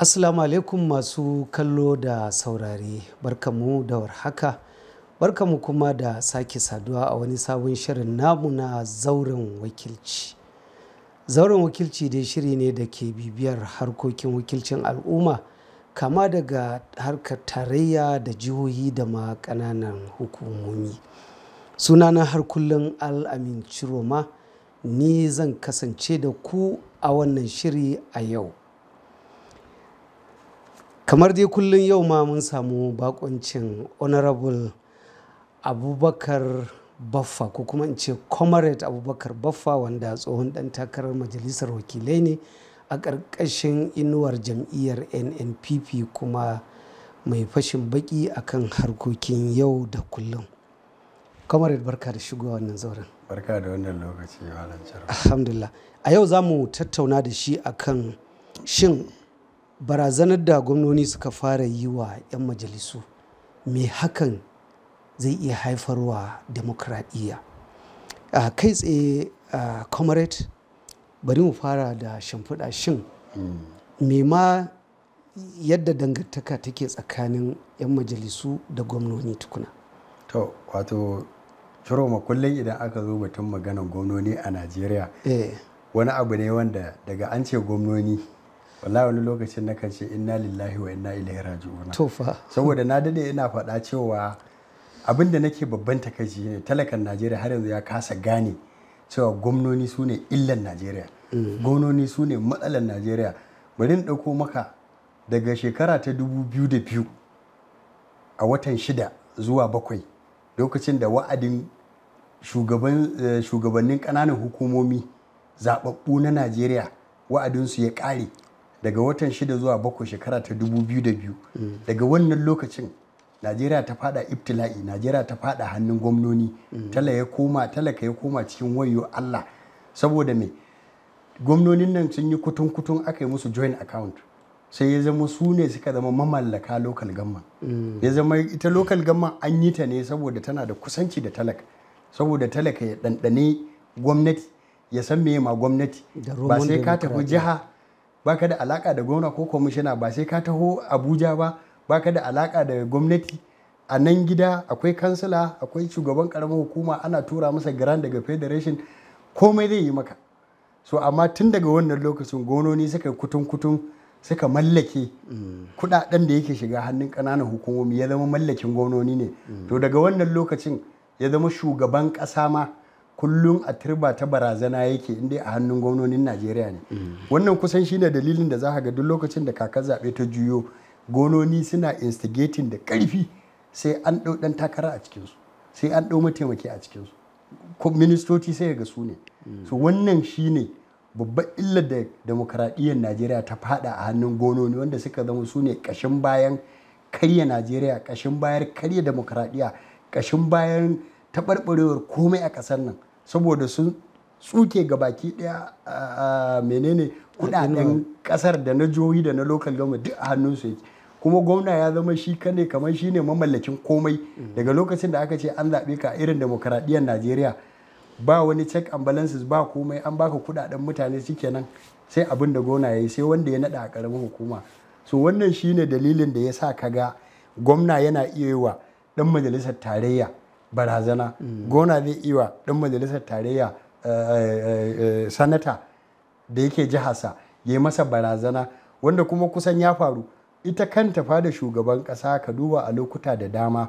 Assalamu alaikum masu kallo da saurare barkamu da warhaka barkamu kuma da sake saduwa a wani sabon shirin namu na zauren wakilci. Zauren wakilci dai shiri ne da ke bibiyar harkokin wakilcin al'umma kama daga harkar tarayya da jihohi da ma ƙananan hukumomi. Sunana har kullum al'amin Ciroma ni zan kasance da ku a wannan shiri a yau. kamar dai kullum yau ma mun samu bakoncin honorable abubakar baffa ko kuma in ce comrade abubakar baffa wanda tsohon dan takarar majalisar wakilai ne a ƙarƙashin inuwar jam'iyyar nnpp kuma mai fashin baki akan harkokin yau da kullum comrade barka da shigowa wannan zauren barka da wannan lokaci alhamdulillah a yau za mu tattauna da shi akan shin barazanar da gwamnoni suka fara yi wa 'yan majalisu me hakan zai iya haifarwa demokradiyya uh, kai tsaye uh, comrade bari mu fara da shimfiɗa shin mm. me ma yadda dangantaka take tsakanin 'yan majalisu da gwamnoni tukuna to wato ma kullum idan aka zo batun maganan gwamnoni a najeriya eh. wani abu ne wanda daga an ce gwamnoni wallahi wani lokacin na kan ce inna lillahi wa inna ilaihi raji'un to saboda na dade ina faɗa cewa abinda nake babban takaici ne talakan Najeriya har yanzu ya kasa gane cewa gwamnoni su ne illan Najeriya mm. gwamnoni su ne matsalan Najeriya bari in dauko maka daga shekara ta dubu biyu da biyu a watan shida zuwa bakwai lokacin da wa'adin eh, shugabannin kananan hukumomi zababbu na Najeriya wa'adinsu ya ƙare daga watan shida zuwa bakwai shekara ta dubu biyu da biyu daga wannan lokacin najeriya ta fada ibtila'i najeriya ta fada hannun gwamnoni tala koma talaka ya koma cikin wayo allah saboda me gwamnonin nan sun yi kutun kutun aka yi musu joint account sai ya zama su ne suka zama mamallaka local gamman ya zama ita local gamman an yi ta ne saboda tana da kusanci da talaka saboda talaka ya ɗanɗane gwamnati ya san me ma gwamnati ba sai ka tafi jiha baka da alaka da gwamna ko kwamishina ba sai ka taho abuja ba baka da alaka da gwamnati a nan gida akwai kansila akwai shugaban karamar hukuma ana tura masa garan daga federation komai zai yi maka so amma tun daga wannan lokacin gononi suka kutun kutun suka mallake kudaden da yake shiga hannun ƙananan hukumomi ya zama mallakin gononi ne mm. to daga wannan lokacin ya zama shugaban ƙasa ma kullum a turba ta barazana yake inda a hannun gwamnonin najeriya ne wannan kusan shine dalilin da za a ga duk lokacin da kakar zaɓe ta juyo gononi suna instigating da ƙarfi sai an ɗau ɗan takara a cikinsu sai an ɗau mataimaki a cikinsu ministoci sai ga su ne so wannan shine babban illar da demokaradiyyar najeriya ta fada a hannun gononi wanda suka zama su ne ƙashin bayan karya najeriya ƙashin bayan karya demokaradiyya ƙashin bayan taɓarɓarewar komai a ƙasar nan saboda sun tsuke ga baki daya menene kudaden kasar da na jihohi da na local government duk a su yake kuma gwamna ya zama shi kane kamar shi ne mamallakin komai mm. daga lokacin da aka ce an zaɓe ka irin demokaradiyyar najeriya ba wani check and balances ba komai an baka kudaden mutane nan sai abin da gona ya yi sai wanda ya naɗa a karamin hukuma so wannan shine dalilin da ya sa ka ga gwamna yana iya yi wa ɗan majalisar tarayya barazana mm. gona zai iya ɗan majalisar tarayya eh, eh, eh, sanata da yake jihasa ya yi masa barazana wanda kuma kusan ya faru ita kanta fada shugaban ƙasa ka duba a lokuta da dama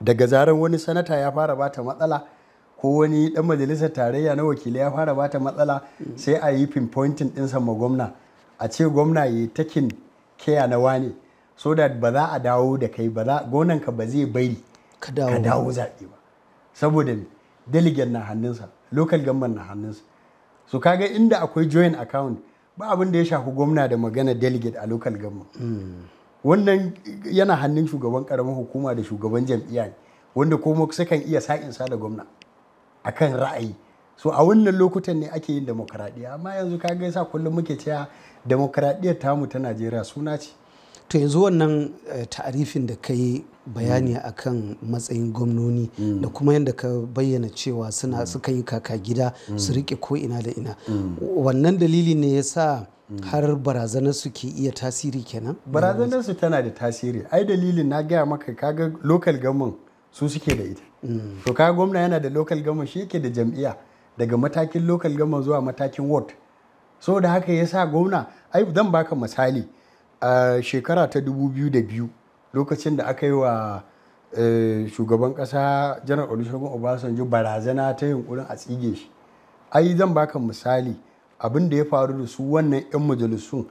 daga zarar wani sanata ya fara bata matsala ko wani ɗan majalisar tarayya na wakili ya fara bata matsala mm. sai a yi pinpointing ɗinsa ma gwamna a ce gwamna ya yi takin keya na wane so that ba za a dawo da kai ba gonanka ba zai bari ka dawo zaɓe ba saboda delegate na hannunsa local government na hannunsa so kaga inda akwai joint account ba abin da ya shafi gwamna da magana delegate a local government hmm. wannan yana hannun shugaban karamin hukuma da shugaban jam'iyya wanda kuma sukan iya sa da gwamna akan ra'ayi so a wannan lokutan ne ake yin demokaradiyya amma yanzu kaga yasa kullum muke cewa demokaradiyyar tamu ta najeriya suna ce to yanzu wannan eh, ta'arifin da ka yi bayani mm. a kan matsayin gwamnoni mm. da kuma yadda ka bayyana cewa suna mm. suka yi kaka gida su rike ko ina da ina wannan dalili ne ya sa har barazanar su ke iya tasiri kenan barazanar su tana da tasiri ai dalilin na gaya maka kaga local government su suke da ita to kaga gwamna yana da local government shi yake da jam'iyya daga matakin local government zuwa matakin ward saboda da haka yasa gwamna ai zan baka misali a shekara ta 2002 lokacin da aka yi wa eh, shugaban kasa janar olusegun obasanjo barazana ta yunkurin a tsige shi ai zan baka misali abin da ya faru da su wannan 'yan majalisun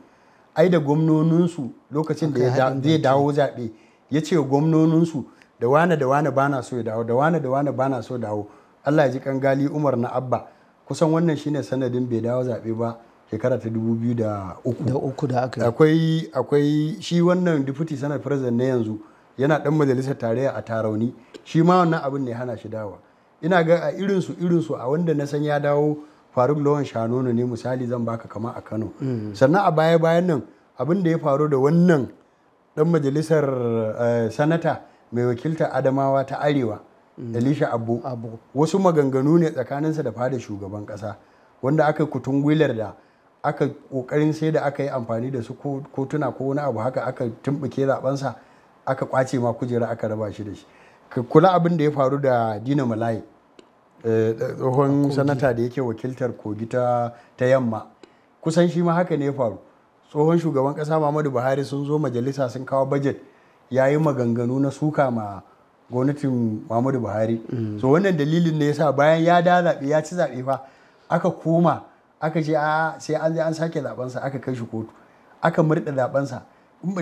ai da gwamnoninsu lokacin da zai dawo zaɓe ya ce gwamnoninsu da wane da wane bana so ya dawo da wane da wane bana so dawo Allah ya ji kangali Umar na Abba kusan wannan shine sanadin bai dawo zaɓe ba shekara ta 2003 da uku da aka akwai akwai shi wannan deputy senate president na yanzu yana dan majalisar tarayya a tarauni shi ma wannan abin ne hana shi dawa ina ga a irinsu irinsu a wanda na san ya dawo faruk lawan shanono ne misali zan baka kama a kano mm. sannan a baya bayan nan abin da ya faru da wannan dan majalisar eh, sanata mai wakilta adamawa ta arewa mm. elisha abu wasu maganganu ne tsakaninsa da fada shugaban kasa wanda aka kutun da aka kokarin sai da aka yi amfani da su kotuna ko wani abu haka aka tumbuke zabansa aka kwace ma kujera aka raba shi da shi kula abin da ya faru da dina malayi eh, tsohon sanata da yake wakiltar kogi ta yamma kusan shi ma haka ne ya faru tsohon shugaban kasa muhammadu buhari sun zo majalisa sun kawo bajet ya yi maganganu na suka ma gwamnatin muhammadu buhari mm. so wannan dalilin ne yasa bayan ya da zaɓe ya ci zaɓe fa aka koma aka ce a sai an je an sake zabansa aka kai shi kotu aka murda zabansa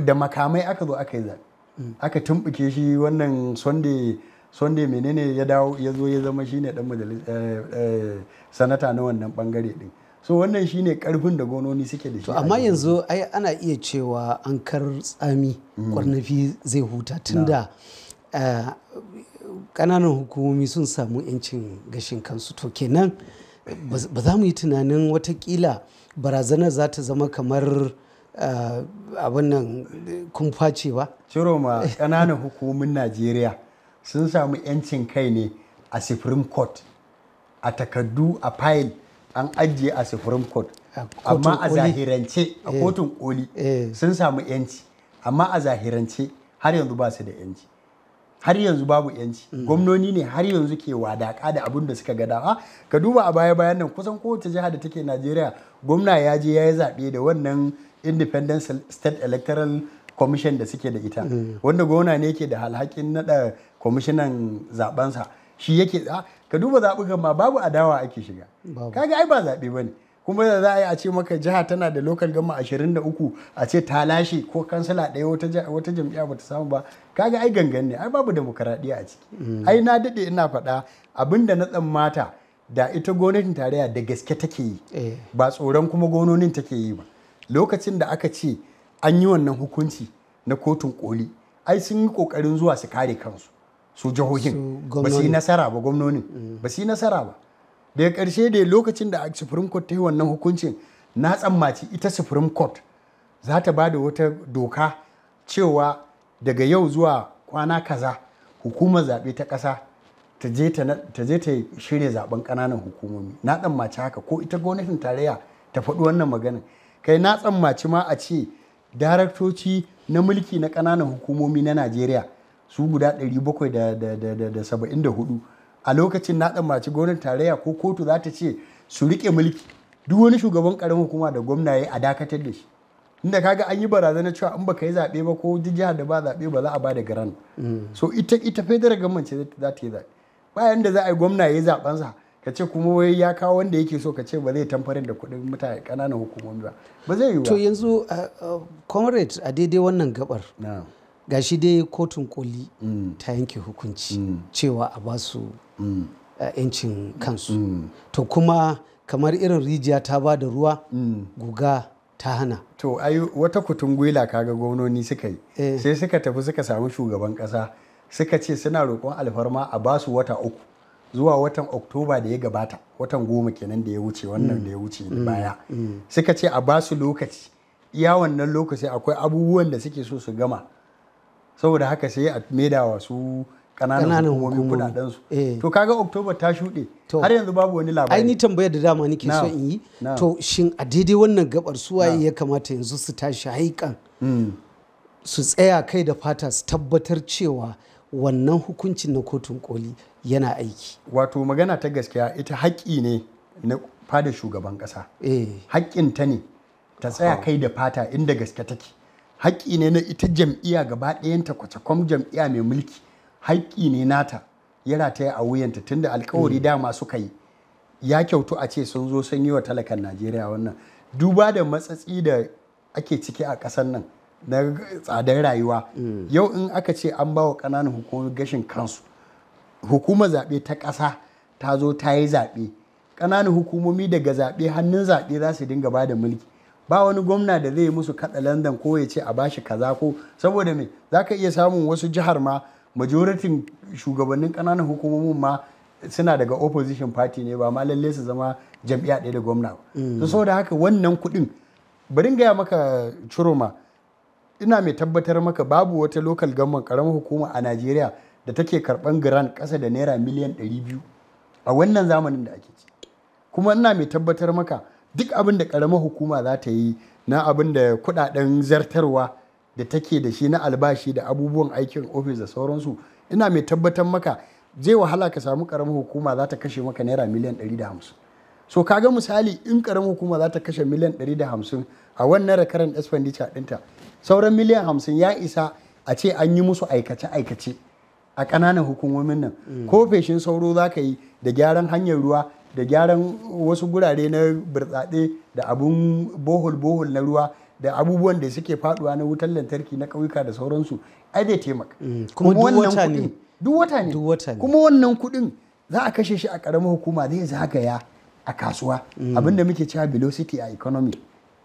da makamai aka zo aka yi zaɓe mm. aka tumbuke shi wannan sunday menene ya dawo ya zo ya zama shine dan eh, eh, sanata na wannan bangare din so wannan shine karfin da gononi suke da shi amma yanzu ai ana iya cewa an kar tsami mm. kwarnafi zai huta tunda kananan eh, hukumomi sun samu 'yancin gashin kansu to kenan ba za mu yi tunanin watakila barazanar za ta zama kamar eh, abin nan kun face ba ciro ma ƙananan hukumin najeriya sun samu 'yancin kai ne a supreme court a takardu a fayil an ajiye a supreme court amma a zahirance a eh. kotun koli eh. sun samu 'yanci amma a zahirance har yanzu ba su da 'yanci har yanzu babu yanci mm. gwamnoni ne har yanzu ke wadaka da abin da suka ga dama ka duba a baya bayan nan kusan kowace jiha da take najeriya gwamna ya je ya yi zaɓe da wannan independent state electoral commission da suke da ita mm. wanda gwamna ne yake da alhakin naɗa kwamishinan zaɓensa shi yake ka duba zaɓukan ma babu adawa ake shiga kaga ai ba zaɓe ba ne kuma da za a yi a ce maka jiha tana da local gama 23 a ce ta lashe ko kansala ɗaya wata jam'iyya bata samu ba kaga ai gangan ne ai babu demokaradiyya a ciki mm. ai na daɗe ina faɗa abinda na tsammata da ita gwamnatin tarayya da gaske take yi eh. ba tsoron kuma gononin take yi ba lokacin da aka ce an yi wannan hukunci na kotun koli ai sun yi kokarin zuwa su kare kansu su jihohin mm. ba su yi nasara ba gwamnonin ba su yi nasara ba daga ƙarshe da lokacin da supreme court ta yi wannan hukuncin na tsammaci ita supreme court za ta ba da wata doka cewa daga yau zuwa kwana kaza hukumar zaɓe ta ƙasa ta je ta shirya zaɓen ƙananan hukumomi na tsammaci haka ko ita gwamnatin tarayya ta faɗi wannan maganin kai na tsammaci ma a ce daraktoci na mulki na ƙananan hukumomi na najeriya su guda 774 a lokacin na tsammaci gonar tarayya ko kotu za ta ce su rike mulki duk wani shugaban karamin hukuma da gwamna ya a dakatar da shi inda kaga an yi barazana cewa in baka yi zaɓe ba ko jihar da ba zaɓe ba za a ba da garan so ita ita federal gwamnati za ta yi zaɓe bayan da za a yi gwamna ya yi zaɓensa ka ce kuma wai ya kawo wanda yake so ka ce ba zai tamfarin da kuɗin mutane ƙananan hukumomi ba ba zai yi ba to yanzu uh, uh, comrade a daidai wannan gabar gashi dai kotun koli mm. ta yanke hukunci mm. cewa a basu Eh, 'yancin kansu mm. to kuma kamar irin rijiya ta ba da ruwa mm. guga ta hana to ai wata kutungwila kaga gwamnoni suka yi eh. sai suka tafi suka samu shugaban kasa suka ce suna roƙon alfarma a basu wata uku zuwa watan oktoba da ya gabata watan goma kenan da ya wuce wannan mm. da ya wuce da baya suka ce a basu lokaci iya wannan lokaci akwai abubuwan da suke so su gama saboda haka sai a maida wasu. kananan hukumomi kudaden su eh. to kaga oktoba ta shuɗe har yanzu babu wani labari ai ni tambayar da dama nake so in yi to shin a daidai wannan gabar su waye ya kamata yanzu su tashi haikan hmm. su tsaya kai da fata su tabbatar cewa wannan hukuncin na kotun koli yana aiki wato magana ta gaskiya ita haƙƙi ne na fada shugaban ƙasa eh. haƙƙinta ne ta tsaya kai da fata inda gaske take haƙƙi ne na ita jam'iyya gaba ɗayanta kwacakwam jam'iyya mai mulki haƙƙi ne nata ya rataya a wuyanta tunda alkawari mm. dama suka yi ya kyautu a ce sun zo sun yi wa talakan najeriya wannan duba da matsatsi da ake ciki a ƙasar nan na tsadar rayuwa mm. yau in aka ce an ba wa ƙananan hukumar gashin kansu hukumar zaɓe ta ƙasa ta zo ta yi zaɓe ƙananan hukumomi daga zaɓe hannun zaɓe za su dinga ba da mulki ba wani gwamna da zai musu kaɗa landan ko ya ce a bashi kaza ko saboda me za ka iya samun wasu jihar ma majoritin shugabannin ƙananan hukumomin ma suna daga opposition party ne ba ma lalle su zama jam'iyya ɗaya da gwamna ba so mm. da haka wannan kuɗin bari gaya maka Chiroma ina mai tabbatar maka babu wata local government karamar hukuma a Najeriya da take karɓan grant ƙasa da naira miliyan 200 a wannan zamanin da ake ci kuma ina mai tabbatar maka duk abin da karamar hukuma za ta yi na abin da kuɗaɗen zartarwa da take da shi na albashi da abubuwan aikin ofis da sauransu ina mai tabbatar maka zai wahala ka samu karamar hukuma za ta kashe maka naira miliyan 150 so kaga misali in karamar hukuma za ta kashe miliyan 150 a wannan rakaran expenditure ɗinta sauran miliyan 50 ya isa a ce an yi musu aikace-aikace a ƙananan hukumomin nan mm. ko feshin sauro za ka yi da gyaran hanyar ruwa da gyaran wasu gurare na birtsatse da abun bohol-bohol na ruwa da abubuwan da suke faduwa na wutar lantarki na kauyuka da sauransu ai zai taimaka eh, kuma wannan kuɗin duk wata ne kuma wannan kuɗin za a kashe shi a ƙaramin hukuma zai zagaya a kasuwa mm. abin da muke cewa velocity a economy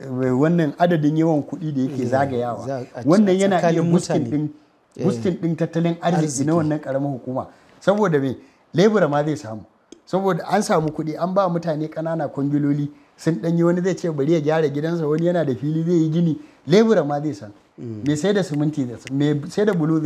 eh, wannan adadin yawan kuɗi da yake eh, zagayawa wannan yana iya muskin din tattalin arziki na wannan ƙaramin hukuma saboda me lebura ma zai samu saboda an samu kuɗi an ba mutane ƙanana kwangiloli sun ɗanyi wani zai ce bari ya gyara gidansa wani yana da fili zai yi gini lebura ma zai san me mm. sai da siminti me sai da bulu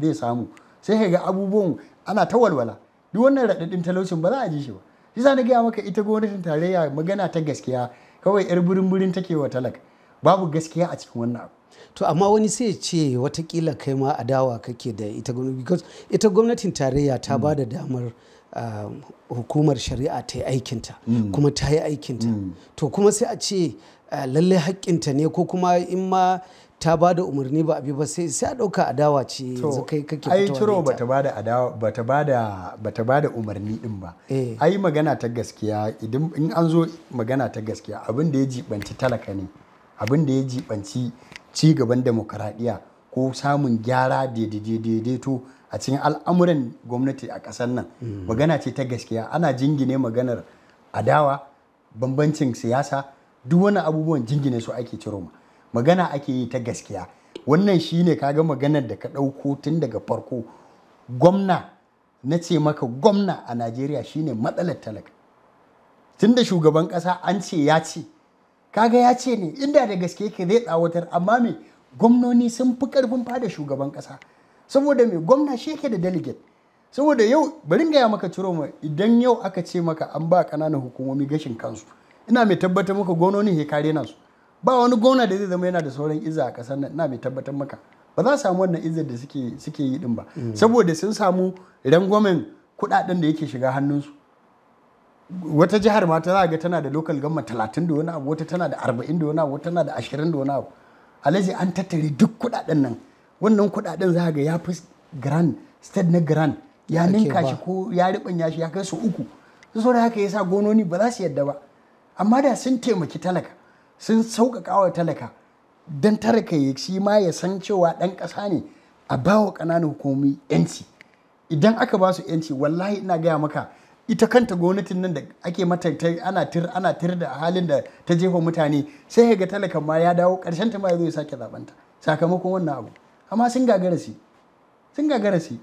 zai samu sai ka ga abubuwan ana ta walwala duk wannan raɗaɗin talaucin ba za a ji shi ba shi sa na gaya maka ita gwamnatin tarayya magana ta gaskiya kawai yar burin burin take wa talak babu gaskiya a cikin wannan abu to amma wani sai ce watakila kai ma adawa kake da ita gwamnati ita gwamnatin tarayya ta mm. ba da damar mm. Um, hukumar shari'a ta yi aikinta mm. kuma ta yi aikinta mm. to kuma sai a ce uh, lallai haƙƙinta ne ko kuma in ma ta ba da umarni ba abi ba sai a ɗauka adawa ce yanzu kai kake ciro bata ba ba da umarni din ba eh. ai magana ta gaskiya idan in an zo magana ta gaskiya abin da ya jibanci talaka ne abin da ya jibanci ci gaban demokaradiyya ko samun gyara daidaito a cikin al'amuran gwamnati a ƙasar nan hmm. magana ce ta gaskiya ana jingine maganar adawa bambancin siyasa duk wani abubuwan jingine su ake ciro ma magana ake yi ta gaskiya wannan shine kaga maganar da ka ɗauko tun daga farko gwamna na ce maka gwamna a najeriya shine matsalar talaka tun da shugaban ƙasa an ce ya ce kaga ya ce ne inda da gaske ke zai tsawatar amma me gwamnoni sun fi karfin fada shugaban ƙasa saboda mai gwamna shi yake da delegate saboda yau bari gaya maka ciro ma idan yau aka ce maka an ba ƙananan hukumomi gashin kansu ina mai tabbatar maka gwamnonin ya kare nasu ba wani gwamna da zai zama yana da sauran iza a ƙasar nan ina mai tabbatar maka ba za samu wannan izar da suke yi din ba mm. saboda sun samu rangwamen kuɗaɗen da yake shiga hannunsu wata jihar ma ta za ga tana da local government talatin da wani abu wata tana da arba'in da wani abu wata tana da ashirin da wani abu alaji an tattare duk kuɗaɗen nan wannan kudaden za ga ya fi grand state na grand ya ninka shi ko ya ribanya shi ya kai su uku su da haka ya sa gononi ba za su yadda ba amma da sun taimaki talaka sun sauƙaƙa wa talaka don talaka ya shi ma ya san cewa ɗan ƙasa ne a ba wa ƙananan hukumomi yanci idan aka ba su yanci wallahi ina gaya maka ita kanta gwamnatin nan da ake mata ana tir ana tir da halin da ta jefa mutane sai yaga ga talakan ma ya dawo ƙarshen ta ma ya zo ya sake ta sakamakon wannan abu amma sun gagara su sun gagara su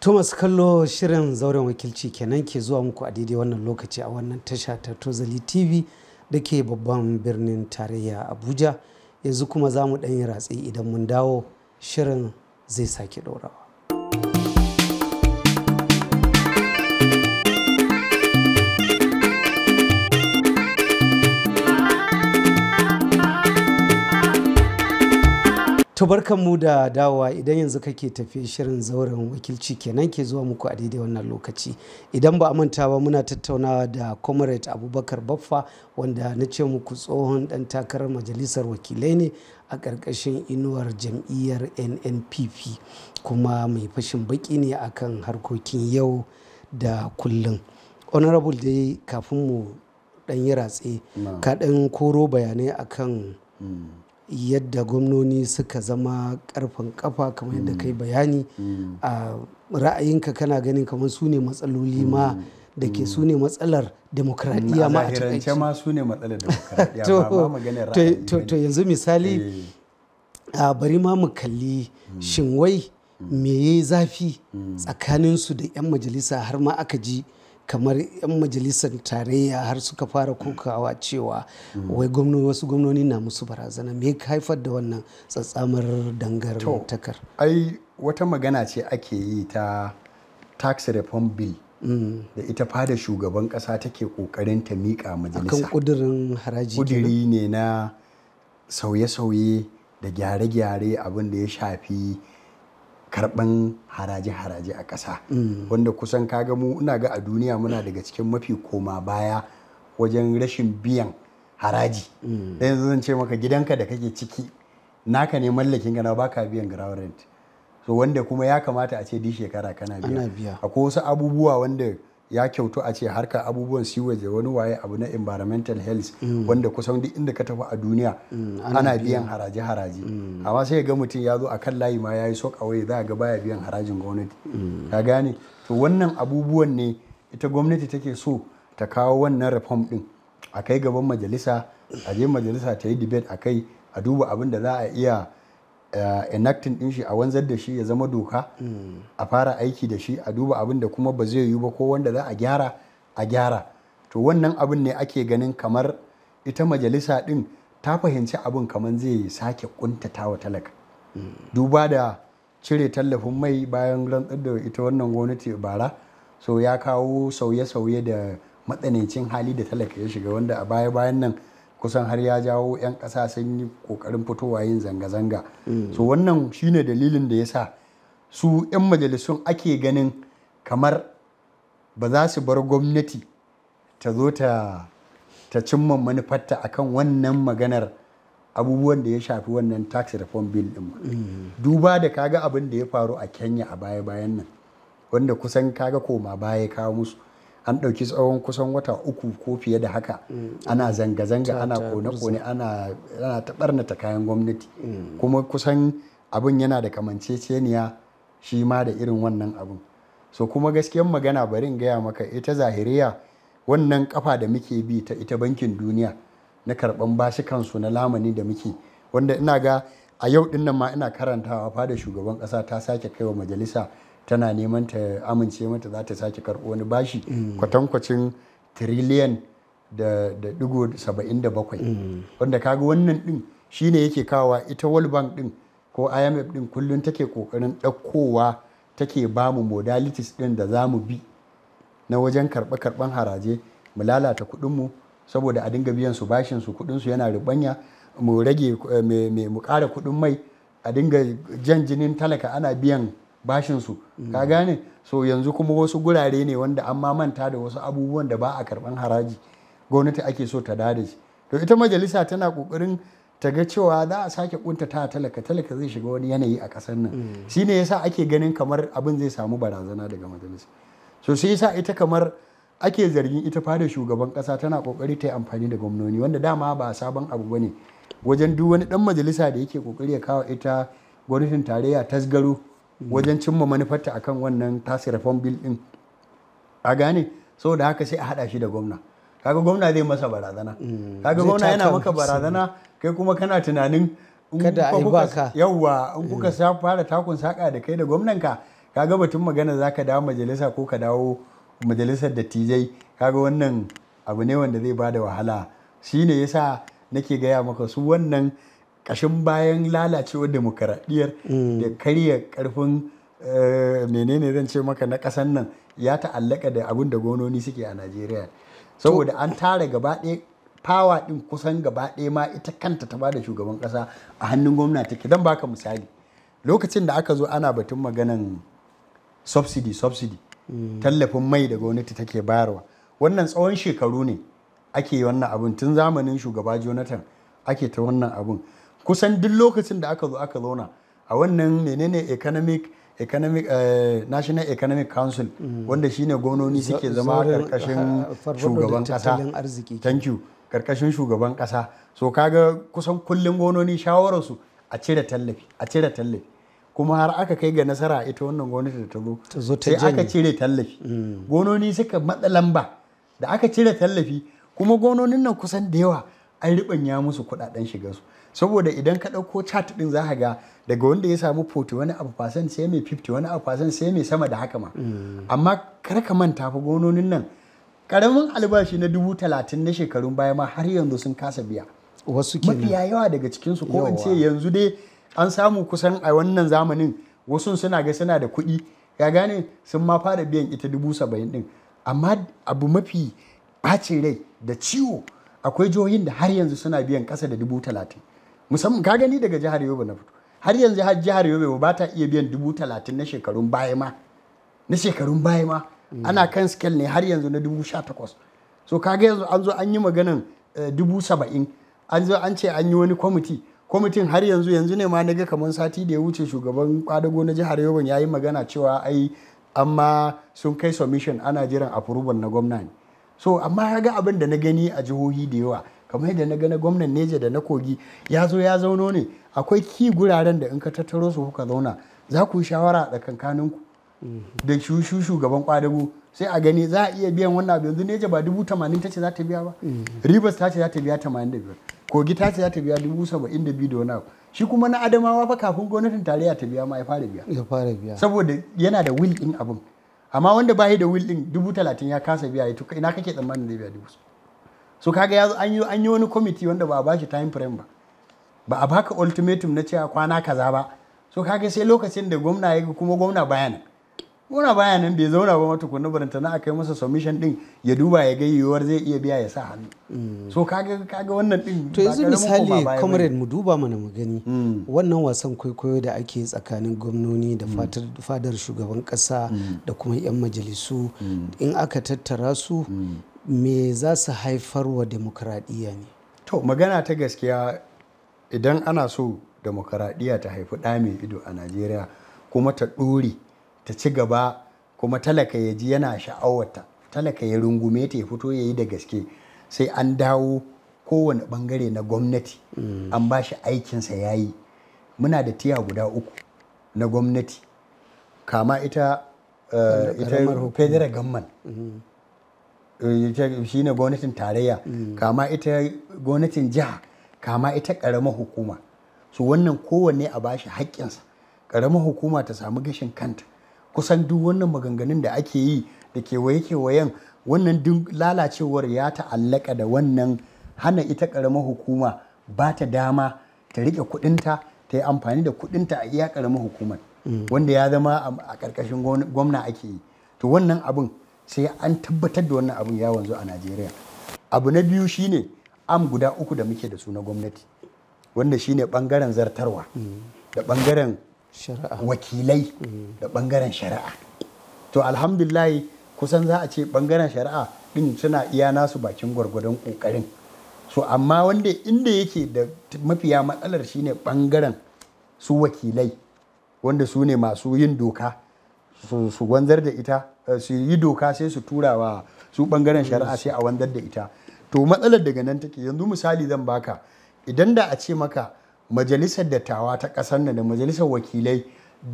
Thomas kallo shirin zauren wakilci kenan ke zuwa muku a daidai wannan lokaci a wannan tasha ta Tozali TV da ke babban birnin tarayya Abuja yanzu kuma za mu ɗanyi ratsi idan mun dawo shirin zai sake ɗorawa. mu da dawa idan yanzu kake tafi shirin zauren wakilci kenan ke zuwa muku a daidai wannan lokaci idan ba a manta ba muna tattaunawa da comrade abubakar baffa wanda na ce muku tsohon dan takarar majalisar wakilai ne a ƙarƙashin inuwar jam'iyyar nnpp kuma mai fashin baki ne akan harkokin yau da kullum honorable dai kafin mu ɗan yi ratse ka ɗan koro bayanai akan mm. yadda gwamnoni suka zama karfin kafa kamar yadda kai mm. bayani mm. a ra'ayinka kana ganin kamar su ne matsaloli ma mm. da ke su ne matsalar demokradiyya ma a takaice ma su ne matsalar demokradiyya ba to yanzu misali eh. bari ma mu kalli shin wai me ya zafi tsakaninsu da 'yan majalisa har ma aka ji kamar 'yan majalisar tarayya har suka fara kokawa cewa wai wasu gwamnoni na musu barazana me ka haifar da wannan tsatsamar dangar takar ai wata magana ce ake yi ta tax reform bill mm. da ita fada shugaban kasa take kokarin ta miƙa majalisa akan kudirin haraji kudiri ne na sauye-sauye da gyare-gyare abin da ya shafi karban haraji haraji a ƙasa mm. wanda kusan kaga mu ina ga a duniya muna daga cikin mafi koma baya wajen rashin biyan haraji mm. da yanzu zan ce maka gidanka da kake ciki naka ne mallakin gana baka biyan ground rent so wanda kuma ya kamata a ce di shekara kana biya akwai wasu abubuwa wanda ya kyautu a ce harkar abubuwan sewage waje wani waye abu na environmental health mm. wanda kusan duk inda ka tafi a duniya mm, ana biyan haraji haraji mm. amma sai ga mutum ya zo a kan layi ma ya yi so away za ga baya biyan harajin gwamnati ka gane to wannan abubuwan ne ita gwamnati take so ta kawo wannan reform din a kai gaban majalisa a je majalisa ta yi debate a kai a duba abin da za a iya Eh, enacting din shi a wanzar da shi ya zama doka hmm. a fara aiki da shi a duba abin da kuma ba zai yiwu ba ko wanda za a gyara a gyara to wannan abin ne ake ganin kamar ita majalisa din ta fahimci abin kamar zai sake kuntatawa wa talaka hmm. duba da cire tallafin mai bayan rantsar da ita wannan gwamnati bara so ya kawo sauye-sauye da matsanancin hali da talaka ya shiga wanda a baya-bayan nan kusan har ya jawo 'yan ƙasa sun yi ƙoƙarin fitowa yin zanga-zanga mm. so wannan shine dalilin da ya sa su 'yan majalisun ake ganin kamar ba za su bar gwamnati ta zo ta cimma manufarta kan wannan maganar abubuwan da ya shafi wannan tax reform bill din ba mm. duba da kaga abin da ya faru a kenya a baya-bayan nan wanda kusan kaga koma baya kawo musu an ɗauki tsawon kusan wata uku ko fiye da haka mm. ana zanga-zanga ana kone-kone ana taɓarnata kayan gwamnati mm. kuma kusan abin yana da kamanceceniya shi ma da irin wannan abin so kuma gaskiyan magana bari in gaya maka ita zahiriya wannan kafa da muke bi ta ita bankin duniya na karban bashi kansu na lamani da muke wanda ina ga a yau din nan ma ina karantawa fada shugaban kasa ta sake kaiwa majalisa tana neman ta amince mata za ta sake karbo wani bashi mm. kwatankwacin tiriliyan da dugo saba'in da bakwai mm. wanda kaga wannan din shine yake kawa ita world bank din ko imf din kullum take kokarin ɗaukowa take bamu modalities din da za mu bi na wajen karɓe karɓen haraje mu lalata kuɗinmu saboda a dinga biyan su bashin su kuɗin su yana rubanya. mu rage eh, mu ƙara kuɗin mai a dinga jan jinin talaka ana biyan bashin su. Mm. ka gane so yanzu kuma wasu gurare ne wanda an ma manta da wasu abubuwan da ba a karban haraji gwamnati ake so ta dada shi to ita majalisa tana kokarin ta ga cewa za a sake kunta ta talaka talaka zai shiga wani yanayi a kasar nan mm. shine yasa ake ganin kamar abin zai samu barazana daga majalisa so sai yasa ita kamar ake zargin ita fada shugaban kasa tana kokari ta yi amfani da gwamnoni wanda dama ba sabon abu bane wajen duk wani dan majalisa da yake kokari ya kawo ita gwamnatin tarayya tasgaro wajen cimma manufarta akan wannan tasi reform bill din a gane saboda haka sai a hada shi da gwamna kaga gwamna zai masa barazana mm. kaga gwamna yana maka barazana kai kuma kana tunanin kada in kuka mm. sa fara takun saka da kai da gwamnanka kaga batun magana za ka dawo majalisa ko ka dawo majalisar dattijai kaga wannan abu ne wanda zai bada wahala shine yasa nake gaya maka su wannan kashin bayan lalacewar demokaradiyar mm. da karya karfin eh, menene zan ce maka na kasan nan ya ta'allaka da abin da gononi suke a najeriya saboda an tara gaba ɗaya fawa ɗin kusan gaba ɗaya ma ita kanta ta bada shugaban ƙasa a hannun gwamnati ke don baka misali lokacin da aka zo ana batun maganan subsidy subsidy mm. tallafin mai da gwamnati take bayarwa wannan tsawon shekaru ne ake yi wannan abin tun zamanin shugaba jonathan ake ta wannan abin kusan duk lokacin da aka zo aka zauna a wannan menene economic economic eh, national economic council mm. wanda shine gononi suke zama karkashin ah, ah, shugaban kasa thank you karkashin shugaban kasa so kaga kusan kullum gononi shawararsu a cire tallafi a cire tallafi kuma har aka kai ga nasara ita wannan gwamnati da ta zo sai aka cire tallafi mm. Gononi suka matsa lamba da aka cire tallafi kuma gononin nan kusan da yawa an riɓanya musu kuɗaɗen su. saboda idan ka ɗauko chat ɗin za ga daga wanda ya samu 40 wani abu fasan sai mai 50 wani abu fasan sai mai sama da haka ma mm. amma kar ka manta fa gononin nan karamin albashi na dubu talatin na shekarun baya ma har yanzu sun kasa biya wasu kenan mafiya yawa daga cikin su ko in ce yanzu dai an samu kusan a wannan zamanin wasu suna ga suna da kuɗi ya gane sun ma fara biyan ita dubu saba'in din amma abu mafi ɓacin rai da ciwo akwai jihohin da har yanzu suna biyan ƙasa da dubu talatin musamman ka gani daga jihar yobe na fito har yanzu har jihar yobe ba ta iya biyan dubu talatin na shekarun baya ma na shekarun baya ma ana kan scale ne har yanzu na dubu sha takwas so kaga yanzu an zo an yi maganan eh, dubu saba'in an zo an ce an yi wani kwamiti kwamitin har yanzu yanzu ne ma na ga kamar sati da ya wuce shugaban kwadago na jihar yobe ya yi magana cewa ai amma sun kai submission ana jiran approval na gwamna ne so amma ga abin da na gani a jihohi da yawa kamar yadda na gani gwamnan neja da na kogi ya zo ya zauno ne akwai ki guraren da in ka tattaro su kuka zauna za ku yi shawara mm-hmm. da kankaninku da shushu shugaban kwadago sai a gani za a iya biyan wannan abu yanzu neja ba dubu tamanin ta ce za ta biya ba mm-hmm. rivers ta ce za ta biya tamanin da biyar kogi ta ce za ta biya dubu saba'in da biyu da wani abu shi kuma na adamawa fa kafin gwamnatin tarayya ta biya ma ya fara biya ya fara biya saboda yana da will din abin amma wanda ba da will din dubu talatin ya kasa biya ya tuka ina kake tsammanin zai biya dubu so kaga ya an yi an yi wani kwamiti wanda ba a bashi time frame ba ba a baka ultimatum na cewa kwana kaza ba so kaga sai lokacin da gwamna ya kuma gwamna bayanan gwamna bayanan bai zauna ba mata kunna baranta na aka yi masa submission din ya duba ya ga yiwuwar zai iya biya ya sa hannu mm. so kaga kaga wannan din to yanzu misali comrade mu duba mana mu gani mm. wannan wasan kwaikwayo da ake tsakanin gwamnoni da mm. fadar shugaban kasa da kuma yan majalisu in aka tattara su me za su haifar wa demokradiyya ne to magana ta gaskiya idan ana so demokradiyya ta haifi ɗa mai ido a najeriya kuma ta ɗore ta ci gaba kuma talaka ya ji yana sha'awarta talaka ya rungume ta ya fito ya yi da gaske sai an dawo kowane bangare na gwamnati mm. an ba shi aikinsa ya yi muna da tiya guda uku na gwamnati kama ita eh, federal gamman Eh, shine gwamnatin tarayya mm. kama ita gwamnatin jiha kama ita ƙaramar hukuma su wannan kowanne a bashi haƙƙinsa ƙaramar hukuma ta samu gashin kanta kusan duk wannan maganganun da ake yi da kewaye-kewayen wannan duk lalacewar ya ta'allaka da wannan hana ita ƙaramar hukuma ba ta dama ta riƙe kuɗinta ta yi amfani da kuɗinta a iya ƙaramar hukumar mm. wanda ya zama a ƙarƙashin gwamna ake yi to wannan abin sai an tabbatar da wannan abun ya wanzu a najeriya abu na biyu shine am guda uku da muke da su na gwamnati wanda shine bangaren zartarwa da bangaren wakilai da bangaren shari'a to alhamdulillahi kusan za a ce bangaren shari'a din suna iya nasu bakin gwargwadon kokarin so amma wanda inda yake da mafiya matsalar shine bangaren su wakilai wanda su ne masu yin doka su wanzar da ita eh, su yi doka sai su tura wa su bangaren shari'a sai a wanzar da ita to matsalar daga nan take yanzu misali zan baka idan da a ce maka majalisar dattawa ta ƙasar nan da majalisar wakilai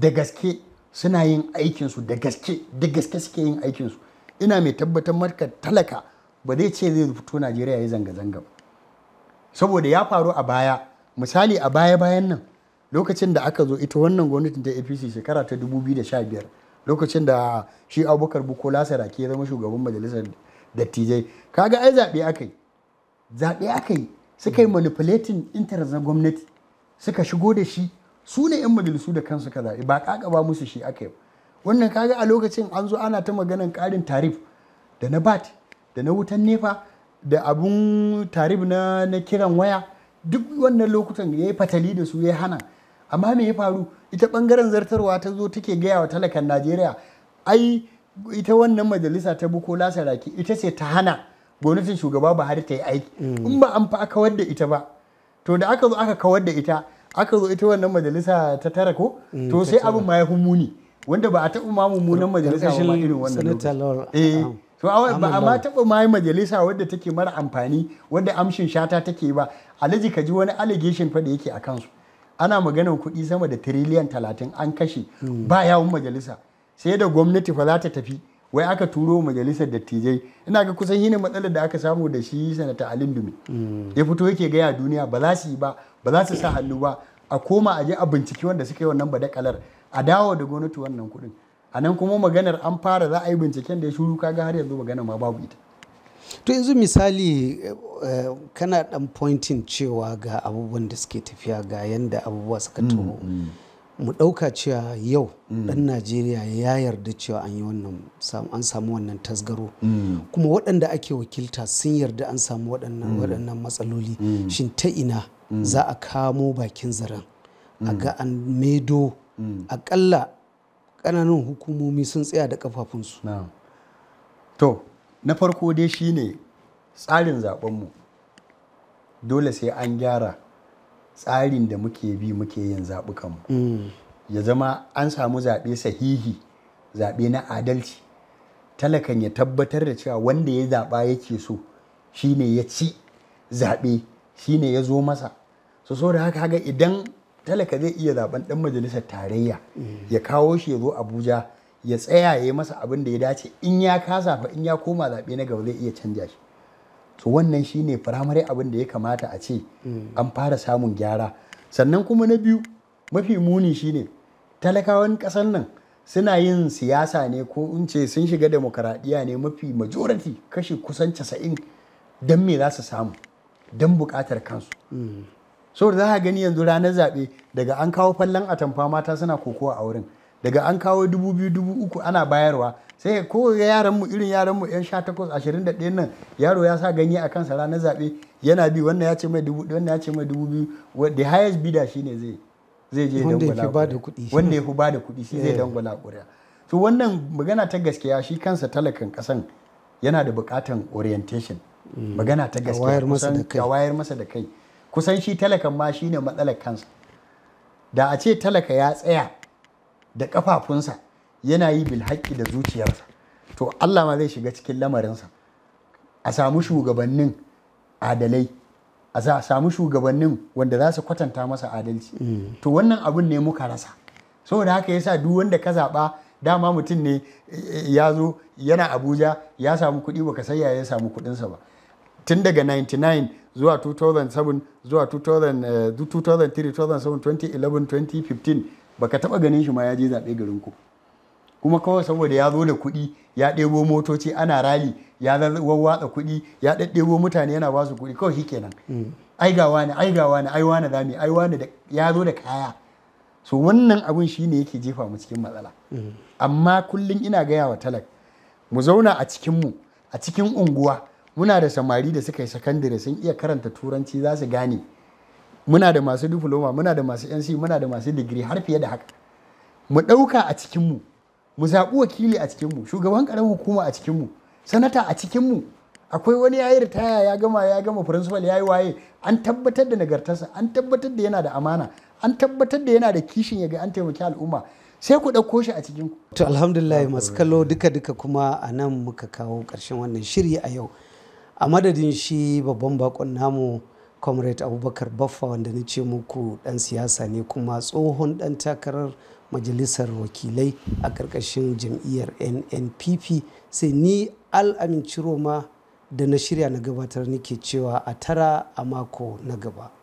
da gaske suna yin aikinsu da gaske da gaske suke yin aikinsu ina mai tabbatar marka talaka ba zai ce zai fito najeriya ya zanga-zanga saboda ya faru a baya misali a baya-bayan nan lokacin da aka zo ita wannan gwamnatin ta apc shekara ta 2015 lokacin da shi abubakar bukola sarake ya zama shugaban majalisar dattijai kaga ai zaɓe aka yi zaɓe aka yi suka yi mm. manipulatin interest na gwamnati suka shigo da shi su ne 'yan majalisu da kansu ka zaɓe ba ba musu shi aka yi wannan kaga a lokacin an zo ana ta maganan ƙarin tarif da na bat da na wutan nefa da abun tarif na kiran waya duk wannan lokutan ya yi fatali da su ya hana amma me ya faru ita bangaren zartarwa ta zo take gaya wa talakan najeriya ai ita wannan majalisa ta bukola saraki ita ce ta hana gwamnatin shugaba buhari ta yi aiki mm. in ba an fa aka wadda ita ba to da aka zo aka kawar da ita aka zo ita wannan majalisa ta tara ko mm, to sai abin ma ya muni wanda ba a taɓa ma mummunan majalisa ba ma irin wannan eh um, ba a ma taɓa ma majalisa wadda take mara amfani wadda amshin shata take ba alhaji ka ji wani allegation fa da yake a kansu ana maganar kuɗi sama da tiriliyan talatin an kashe ba yawun majalisa sai da gwamnati fa za ta tafi wai aka turo majalisar dattijai ina ga kusan shine matsalar da aka samu da shi sanata alin dumi mm. ya fito yake gaya duniya ba za su yi ba ba za su sa hannu ba a koma a je a binciki wanda suka yi wannan badakalar a dawo da gwamnati wannan kuɗin a nan kuma maganar an fara za a yi binciken da ya shuru kaga har yanzu magana ma babu ita to yanzu misali eh, kana dan pointing cewa ga abubuwan da suke tafiya ga yanda abubuwa suka mm, taho mm. mu ɗauka cewa yau mm. ɗan najeriya ya yarda cewa an yi wannan an samu wannan tasgaro kuma waɗanda ake wakilta sun yarda an samu waɗannan matsaloli shin ta ina za a kamo bakin zaren a ga an medo aƙalla ƙananan hukumomi sun tsaya da ƙafafunsu to na farko dai shine tsarin zaɓenmu dole sai an gyara tsarin da muke bi muke yin zaɓukanmu mm. ya zama an samu zaɓe sahihi zaɓe na adalci talakan ya tabbatar da cewa wanda ya zaɓa yake so shine ya ci zaɓe shine ya zo masa so so da haka idan talaka zai iya zaɓen ɗan majalisar tarayya mm. ya kawo shi ya zo abuja ya tsaya ya yi masa abin da ya dace in ya kasa fa in ya koma zaɓe na gaba zai iya canja shi to wannan shi ne firamare abin da ya kamata a ce mm. an fara samun gyara sannan kuma na biyu mafi muni shi ne talakawan ƙasar nan suna yin siyasa ne ko in ce sun shiga demokaradiyya ne mafi majority kashi kusan casa'in don me za su samu don buƙatar kansu mm. saboda za a gani yanzu ranar zaɓe daga an kawo fallon atamfa mata suna kokowa a wurin daga an kawo dubu biyu dubu uku ana bayarwa sai ko yaran mu irin yaran mu yan da ɗaya nan yaro ya sa ganye a kansa ranar zaɓe yana bi wannan ya ce mai dubu wannan ya ce mai dubu biyu the highest bidder shine zai zai je dangwala kuɗi wanda ya fi ba da kuɗi shi zai dangwala ƙuri'a to wannan magana ta gaskiya shi kansa talakan ƙasan yana da buƙatan orientation mm. magana ta gaskiya a wayar masa da kai kusan shi talakan ma shine matsalar kansa da a ce talaka ya tsaya da ƙafafunsa yana yi bilhaƙi da zuciyarsa to Allah ma zai shiga cikin lamarinsa a samu shugabannin adalai a samu shugabannin wanda za su kwatanta masa adalci mm. to wannan abin ne muka rasa saboda haka yasa duk wanda ka zaɓa dama mutum ne eh, ya zo yana abuja ya samu kuɗi baka sai ya samu kuɗinsa ba tun daga 99 zuwa 2007 zuwa 2003 2007 2011 2015 baka taba ganin shi ma ya je zaɓe garin ku kuma kawai saboda ya zo da kuɗi ya ɗebo motoci ana rali ya wawwatsa kuɗi ya ɗaɗɗebo mutane yana basu kuɗi kawai shi kenan mm. ai ga wani ai ga wani ai wani zami ai wani da ya zo da kaya so wannan abun shi ne yake jefa mu cikin matsala mm. amma kullum ina gaya wa talak mu zauna a cikin mu a cikin unguwa muna da samari da suka yi sakandare sun iya karanta turanci za su gane muna da masu diploma muna da masu nc muna da masu digiri har fiye da haka mu ɗauka a cikinmu mu zaɓi wakili a cikinmu shugaban ƙaramin hukuma a cikinmu sanata a cikinmu akwai wani yayi ritaya ya gama ya gama principal yayi waye an tabbatar da nagartarsa an tabbatar da yana da amana an tabbatar da yana da kishin ya ga an taimaki al'umma sai ku ɗauko shi a cikin to alhamdulillah masu kallo duka duka kuma a nan muka kawo ƙarshen wannan shiri a yau a madadin shi babban bakon namu comrade abubakar baffa wanda na ce muku dan siyasa ne kuma tsohon dan takarar majalisar wakilai a ƙarƙashin jam'iyyar nnpp sai ni al'amin roma da na shirya na gabatar nake cewa a tara a mako na gaba